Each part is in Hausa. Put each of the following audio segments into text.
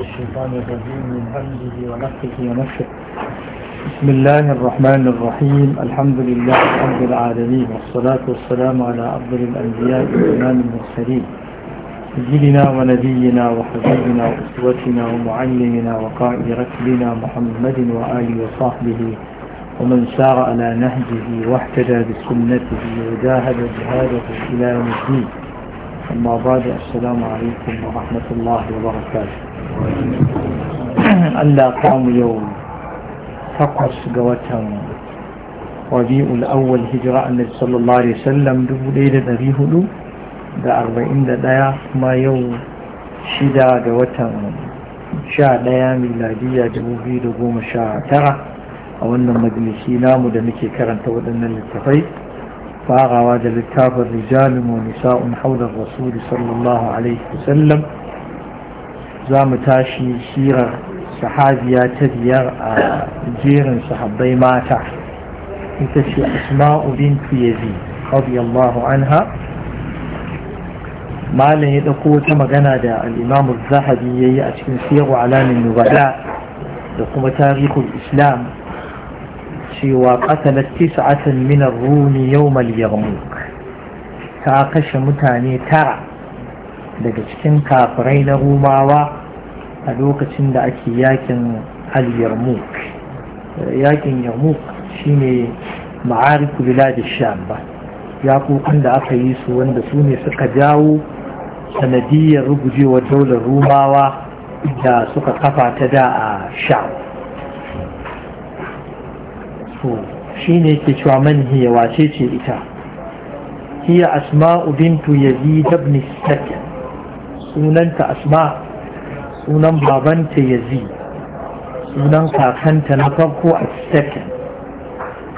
الشيطان الرجيم من همزه ونفسه ونفسه بسم الله الرحمن الرحيم الحمد لله رب العالمين والصلاة والسلام على أفضل الأنبياء وإمام المرسلين سيدنا ونبينا وحبيبنا وأسوتنا ومعلمنا وقائد ركبنا محمد وآله وصحبه ومن سار على نهجه واحتجى بسنته وجاهد جهاده إلى يوم الدين أما بعد السلام عليكم ورحمة الله وبركاته Allah kamu yau takwas ga watan rabi'ul awwal hijira annabi sallallahu alaihi wasallam 1441 kuma yau shida ga watan 11 miladiya 2019 a wannan majalisi namu da muke karanta waɗannan littafai farawa da littafin rijalun wa nisa'un haular rasuli sallallahu alaihi wasallam za mu tashi shirar sahabiya ta biyar a jerin sahabbai mata ita ce asma'u bin tuyazi radiyallahu anha malam ya ɗauko wata magana da al'imamu zahabi ya yi a cikin siyarwa alamin nubada da kuma tarihul islam cewa ƙasalar tisa'atan minar rumi yau yarmuk ta kashe mutane tara daga cikin kafirai na rumawa a lokacin da ake yakin al-yarmouk yakin yarmouk shine ma'ariku sham ba yakokin da aka yi su wanda su ne suka jawo sanadiyar rugujewar daular rumawa da suka kafa ta da a sham so shine ke cewa manhiya wace ce ita hiya أسماء بنت يزيد بن السكن sunanta asma sunan babanta yazi sunan kakanta na farko a second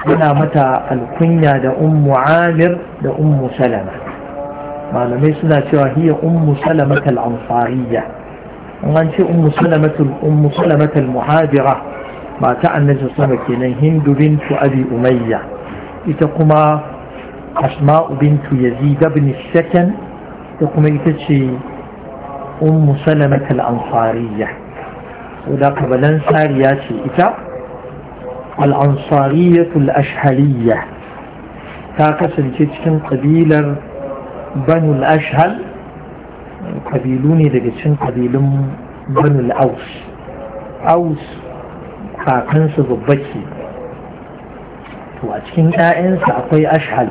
yana mata alkunya da ummu amir da ummu salama malamai suna cewa hiya ummu salamata al'amfariya an ce ummu salamata al-muhajira mata annabi sama kenan hindu bintu abi umayya ita kuma asma'u bintu yazid ibn sakan ita kuma ita ce ummu salamatul ansariyya wadda kabalan sariya ce ita al al’ansariyatul ashhariyya ta kasance cikin ƙabilar banul ashhal ƙabilu ne daga cikin ƙabilun banul aus aus kakansa babba ke to a cikin ‘ya’yansa akwai ashhal’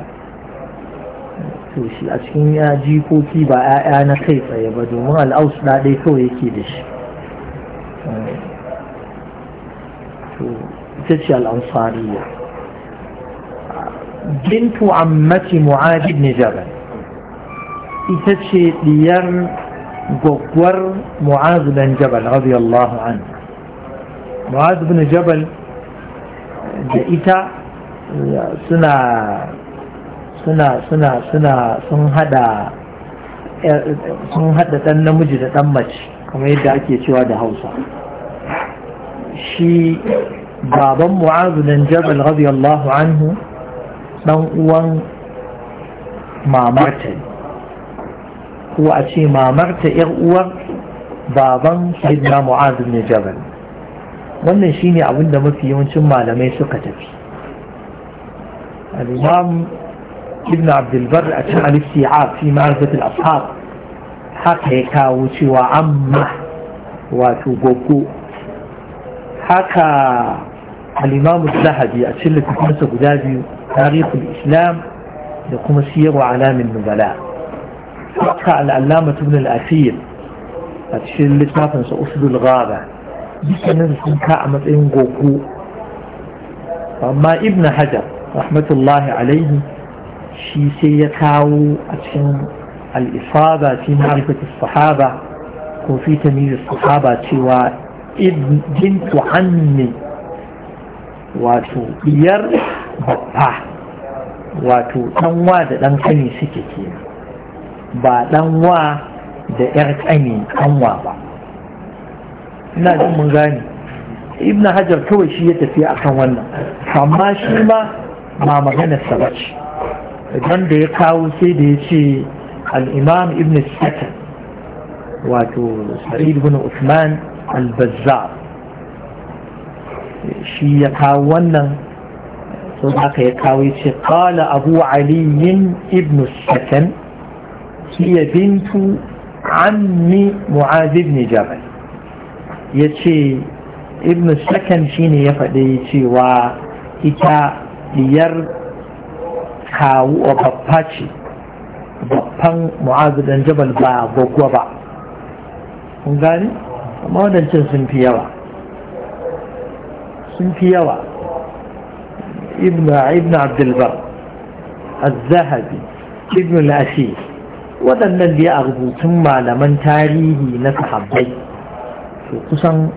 to shi a cikin ya jikoki ba 'ya'ya na kai tsaye ba domin al'aus ɗaɗe kawai yake da shi ita ce al'ansariya bintu ammati mu'adi ibn jabal ita ce diyar gwaggwar mu'az ibn jabal radiyallahu anhu mu'az ibn jabal da ita suna suna suna suna sun hada eh, sun hada dan namiji da dan mace kamar yadda ake cewa da hausa shi baban mu'azu dan jabal radiyallahu anhu dan uwan mamarta ko a ce mamarta yar uwar baban sayyidina mu'azu bin jabal wannan shine abinda mafi yawancin malamai suka tafi al-imam ابن عبد البر نفسي الاستيعاب في معرفة الأصحاب حق يكاوش وعمه وتبقو حكى الإمام الزهدي أتشل تكونس قدابي تاريخ الإسلام يقوم سير علام النبلاء حكى العلامة ابن الأثير أتشل لتنافن سأصد الغابة بكنا نسمكا أمد إن قوقو أما ابن حجر رحمة الله عليه shi sai ya kawo a cikin al'isaba fi ma'arifatis sahaba ko fi tamizis sahaba cewa bintu hanni wato biyar babba wato ɗanwa da ɗan kani suke ke ba ɗanwa da ‘yar kani kanwa ba ina jin mun gane ibn hajar kawai shi ya tafi akan wannan amma shi ma ba maganarsa ba ce don da ya kawo sai da ya ce al'imam ibn sakan wato sa'id ibn usman al-bazzar shi ya kawo wannan sun haka ya kawo ya ce kala abu aliyin ibn sakan ya bintu ammi mu'az ibn jabal ya ce ibn sakan shine ya faɗi cewa ita diyar kawu a babba ce babban mu'azu dan jabal ba gwaggwa ba kun gane amma wadancan sun fi yawa sun fi yawa ibn abdulbar az-zahabi ibn al waɗannan da ya a rubutun malaman tarihi na sahabbai to kusan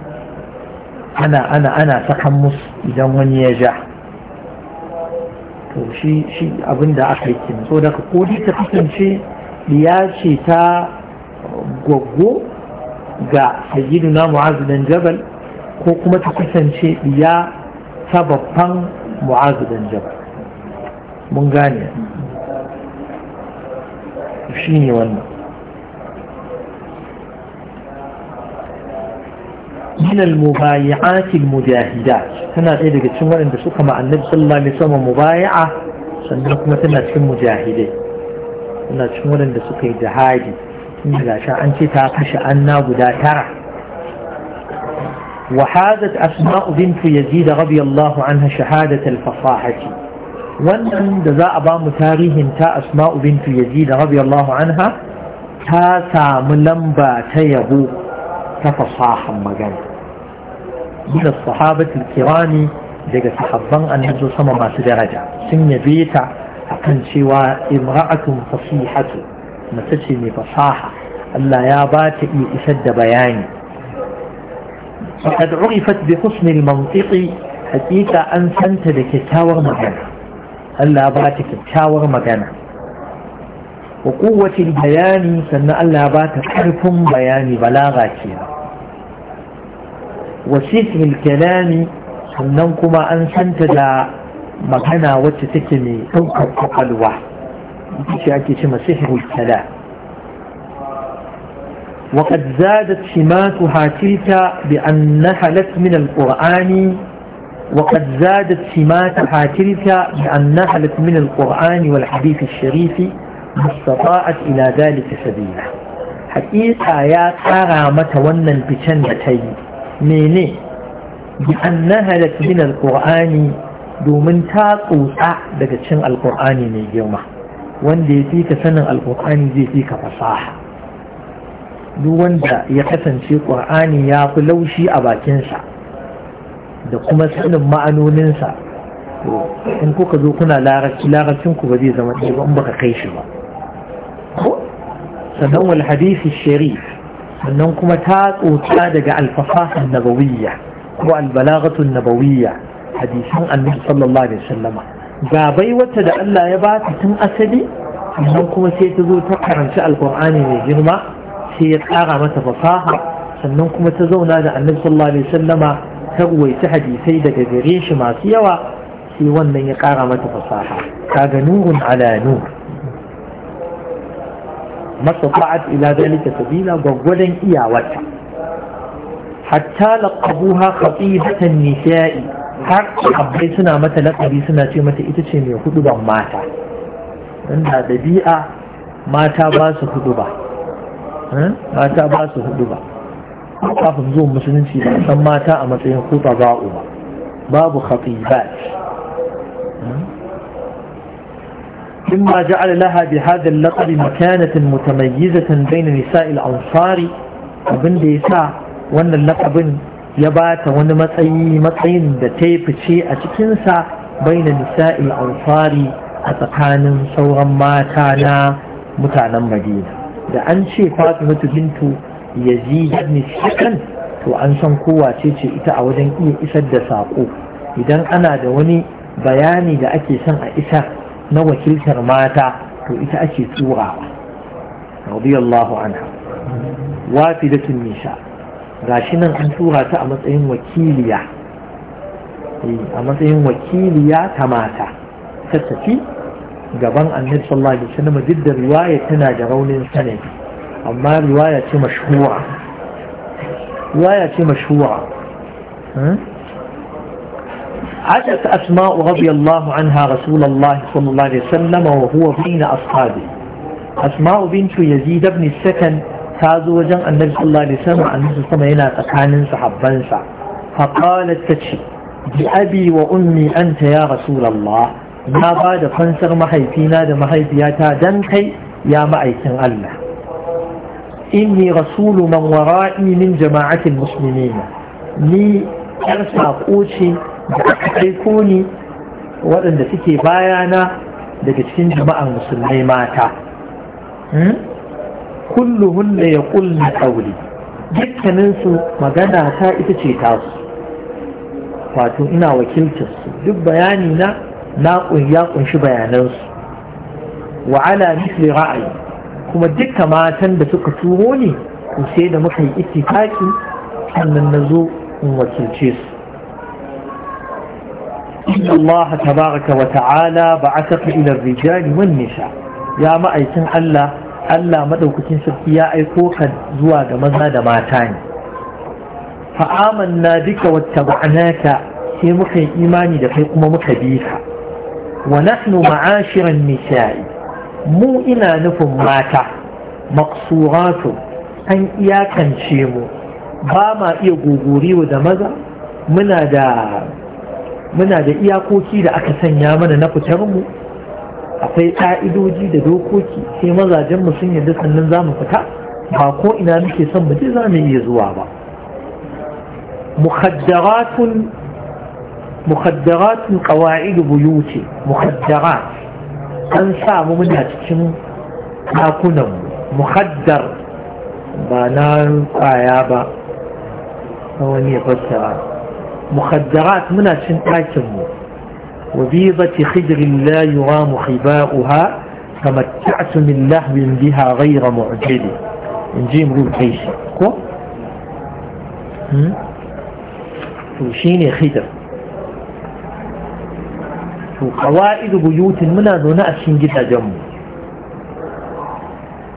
ana ana ana sakan musu idan wani ya ja to shi shi abin da aka yi kin so daga ko ta kasance ya ce ta gwaggo ga sayyiduna mu'azu dan jabal ko kuma ta kasance ya ta babban mu'azu dan jabal mun gane shi ne wannan من المبايعات المجاهدات tana ɗaya daga cikin waɗanda suka ma annabi sallallahu alaihi wasallam mubaya'a sannan kuma tana cikin mujahidai tana cikin waɗanda suka yi jihadi inda gashin an ce ta kashe anna guda tara وحازت أسماء بنت يزيد رضي الله عنها شهادة الفصاحة wannan da za a bamu tarihin ta asma'u bintu yazid radiyallahu anha ta samu lamba ta yabo ta fasahan magana من الصحابة الكرام daga sahabban annabi sama masu daraja sun yabe ta a akan cewa imra'atun fasihatu mace ce mai fasaha Allah ya ba iya isar da bayani faqad urifat bi husn al mantiqi hakika an santa da kyakkyawar magana Allah ba ta kyakkyawar magana wa quwwati bayani sannan Allah ba ta karfin bayani balaga kenan وسيسه الكلام سننكما أن سنتدى مكانا وتتكمي توقف قلوة شاكي شما سحر الكلام وقد زادت سماتها تلك بأن نحلت من القرآن وقد زادت سماتها تلك بأن نحلت من القرآن والحديث الشريف ما استطاعت إلى ذلك سبيلا حقيقة يا قرامة ونن بشنتين mene bi annaha min alqur'ani domin ta tsotsa daga cin alqur'ani mai girma wanda ya fi ka sanin alqur'ani zai fi ka fasaha duk wanda ya kasance qur'ani ya fi laushi a bakinsa da kuma sanin ma'anoninsa in kuka zo kuna larabci larabcin ku ba zai zama ɗaya ba in baka kai shi ba sannan wal hadisi sharif sannan kuma ta tsotsa daga alfafasan nabawiyya ko albalaghatun nabawiyya hadisan annabi sallallahu alaihi wasallama ga bai wata da Allah ya ba ta tun asali sannan kuma sai ta zo ta karanci alqur'ani mai girma sai ya ƙara mata fasaha sannan kuma ta zauna da annabi sallallahu alaihi wasallama ta ruwaita hadisai daga gare shi masu yawa sai wannan ya ƙara mata fasaha kaga nurun ala nur mastata'at ila zalika sabila gwagwadon iyawarta hatta laqabuha khatibatan nisa'i har abai suna mata laqabi suna ce mata ita ce mai hudu ban mata dan da ɗabi'a mata ba su hudu ba eh? mata ba su hudu ba kafin zuwan musulunci ba san mata a matsayin hudu ba'u ba babu khatibat eh? مما جعل لها بهذا اللقب مكانة متميزة بين نساء الأنصار abin da ya sa wannan lakabin ya ba ta wani matsayi matsayin da ta fice a cikinsa bai na nisa'il ansari a tsakanin sauran mata na mutanen madina da an ce fatimatu bintu yazid ibn shakan to an san kowace ce ita a wajen iya isar da saƙo idan ana da wani bayani da ake son a isa na wakiltar mata to ita ake turawa radiyallahu anha wafidatun nisa gashi nan an tura ta a matsayin wakiliya eh, a matsayin wakiliya ta mata ta tafi gaban annabi sallallahu alaihi wasallam duk da riwaya tana da raunin sanadi amma riwaya ce mashhura riwaya ce mashhura hmm? عدت أسماء رضي الله عنها رسول الله صلى الله عليه وسلم وهو بين أصحابه أسماء بنت يزيد بن السكن تازو وجن النبي صلى الله عليه وسلم عن نفسه صلى الله عليه وسلم فقالت تشي بأبي وأمي أنت يا رسول الله ما بعد فانسر محيطينا دا محيطياتا دنكي يا معيكن الله إني رسول من ورائي من جماعة المسلمين لي أرسى قوتي da aka aiko ni waɗanda suke bayana daga cikin jama'ar musulmai mata hmm? kulluhun da ya ƙulli ƙauri dukkaninsu magana ta ita ce tasu wato ina su. duk bayani na na ya kunshi bayanansu wa ala misli ra'ayi kuma duka matan da suka turo ne to sai da muka yi ittifaki sannan na zo in wakilce su إن الله تبارك وتعالى بعثك إلى الرجال والنساء يا ما أيتن الله Allah madaukakin sarki ya aiko ka zuwa ga maza da mata ne fa amanna bika wattaba'naka sai muka yi imani da kai kuma muka bi ka wa nahnu ma'ashiran nisa'i mu ina nufin mata maqsuratu an iyakance mu ba ma iya gogoriwa da maza muna da muna da iyakoki da aka sanya mana na fitar mu akwai ƙa'idoji da dokoki sai mazajen mu sun yadda sannan za mu fita ba ko ina muke son mu za mu iya zuwa ba mukhaddaratun mukhaddaratun buyu buyuti muhaddara. an samu muna cikin ɗakunan muhaddar ba na ƙwaya ba wani ya fassara مخدرات منا شنتاكم وبيضة خدر لا يرام خباؤها تمتعت من لهو بها غير معجل نجيم روح عيشي كو وشيني خدر وقوائد بيوت منا دون أشين جدا جمه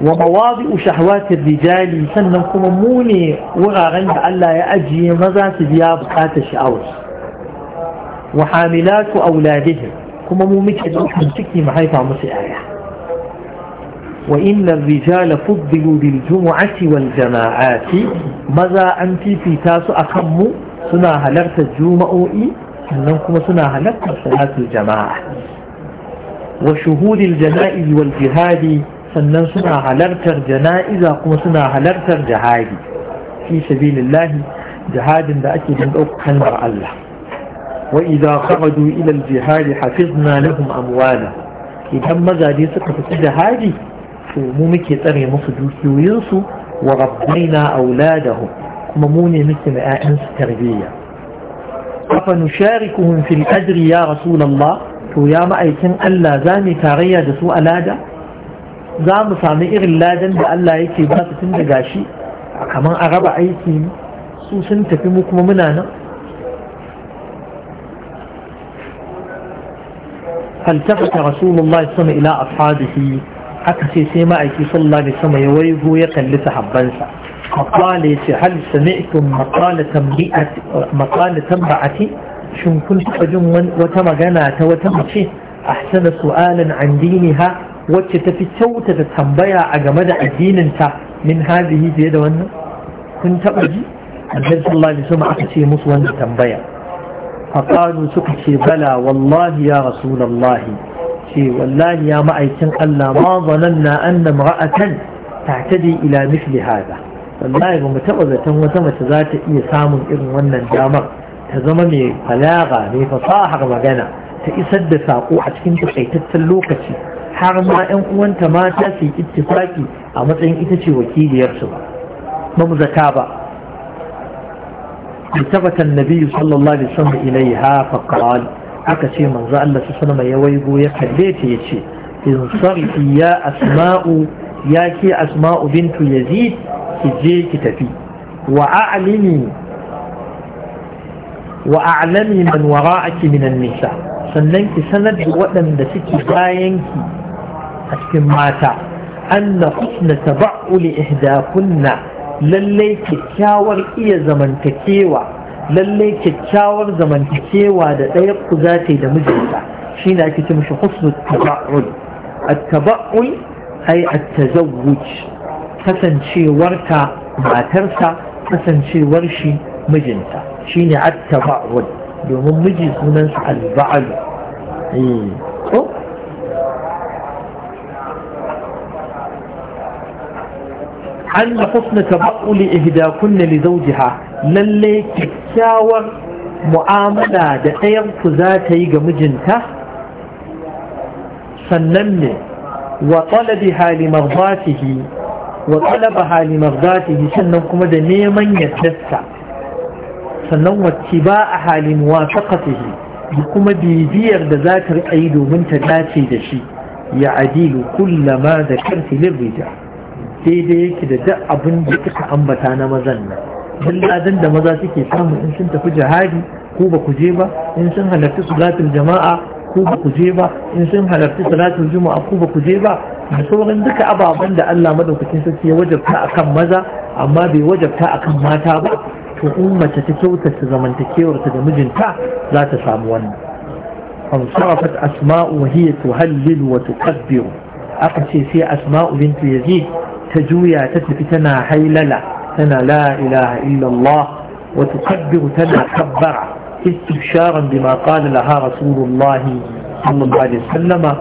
ومواضع شهوات الرجال سنن موني وغارن ألا يأجي مزا سبيا بقات الشعور وحاملات أولادهم كما مومك أدوكم تكي محيطة مسيحية وإن الرجال فضلوا بالجمعة والجماعات مزا أنت في تاس أخم سنا هلغت الجمعوئي سنن كما سنا هلغت الجماعة وشهود الجنائز والجهاد sannan suna halartar jana'iza kuma suna halartar jihadi fi sabilillahi jihadin da ake don ɗaukar da Allah wa idza kharaju ila al-jihad hafizna lahum amwala idan mazaje suka fita jihadi to mu muke tsare musu dukiyoyin su wa rabbaina auladahum kuma mu ne muke ma ƴaƴan su tarbiyya afa nusharikuhum fil ajri ya rasulullah to ya ma'aikin Allah za mu tarayya da su alada za mu sami irin ladan da Allah yake ba su tun da gashi kamar a raba aiki su sun tafi mu kuma muna nan فالتفت رسول الله صلى إلى أصحابه أكسي سيما أيكي صلى الله عليه وسلم يويه يقل سحبانسا مقالة هل سمعتم مقالة مقالة تنبعتي شن كنت أجن وتمغنات وتمشي أحسن سؤالا عن دينها wacce ta fi kyauta ta tambaya a game da addininta min hazihi fiye da wannan kun taɓa ji annabi sallallahu alaihi wasallam aka ce musu wannan tambaya faqalu suka ce bala wallahi ya rasulullahi ce wallahi ya ma'aikin Allah ma zananna anna imra'atan ta'tadi ila mithli hada wallahi ba mu taɓa zaton wata mace za ta iya samun irin wannan damar ta zama mai falaga mai fasahar magana ta isar da sako a cikin takaitaccen lokaci har ma ƴan uwanta mata su yi ittifaki a matsayin ita ce wakiliyarsu ba mu zaka ba da tabbatan nabiyyu sallallahu alaihi wasallam ilaiha fa qal aka ce manzo Allah sallallahu alaihi wasallam ya waygo ya kalle yace in sarfi ya asma'u ya ce asma'u bintu yazid ki je ki tafi wa a'lini wa a'lami man wara'aki nisa sannan ki sanar da waɗanda suke bayan ki a cikin mata anna husna tabauli ihdakunna lallai kyakkyawar iya zamantakewa lallai kyakkyawar zamantakewa da ɗaya ku za ta yi da mijinta shi ne ake ce mishi husnu taba'ul tabaul ai a tazawwuj kasancewarta matarsa kasancewar shi mijinta shine at-taba'ul domin miji sunansa al an da husna tabauli ihdakunna li zawjiha lalle kyakkyawar mu'amala da ɗayan ku za ta yi ga mijinta sannan ne wa talabi hali marzatihi wa talaba hali marzatihi sannan kuma da neman yaddarsa sannan wacce ba a hali muwafaqatihi da kuma bibiyar da za ta riƙa yi domin ta dace da shi ya adilu kullama da karfi lirrija daidai yake da duk abin da kika ambata na mazan nan duk ladan da maza suke samu in sun tafi jihadi ko ba ku je ba in sun halarci salatul jama'a ko ba ku je ba in sun halarci salatul juma'a ko ba ku je ba da sauran duka ababen da Allah madaukakin sarki ya wajabta akan maza amma bai wajabta akan mata ba to in mace ta kyautata zamantakewarta da mijinta za ta samu wannan fansarafat asma'u wa hiya tuhallil wa tukabbiru aka ce sai asma'u bintu yazid تجويا تتفي تنا حيللا تنا لا إله إلا الله وتكبر تنا كبرا استبشارا بما قال لها رسول الله صلى الله عليه وسلم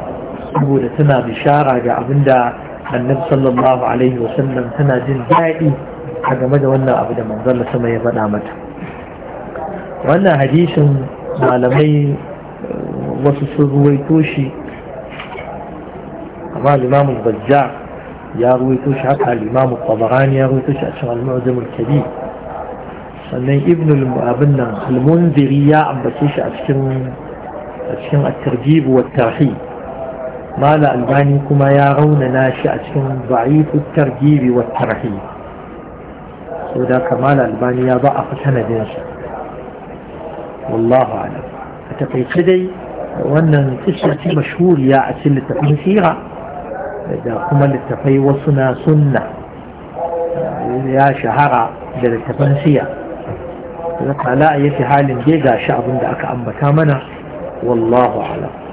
قول تنا بشارا جاء عند النبي صلى الله عليه وسلم تنا جنبائي هذا مدى وانا أبدا من ظل سمى يبنى متى وانا حديث معلمي وصف رويتوشي أمام الإمام يروي تشعب على الإمام الطبراني يروي تشعب على المعظم الكبير أنه ابن المؤابنة المنذرية عبا تشعب أشكم الترجيب والترحيب ما لا ألبانيكما يارون ناشئ أشكم ضعيف الترجيب والترحيب وذاك ما لا ألبانيا ضعف سند والله أعلم أتقي كدي وأن تشعب مشهور يا أسلة المسيرة da kuma littafai wasu na sunna ya shahara da littafan siya da ala a yake halin dai ga shi abin da aka ambata mana wallahu alam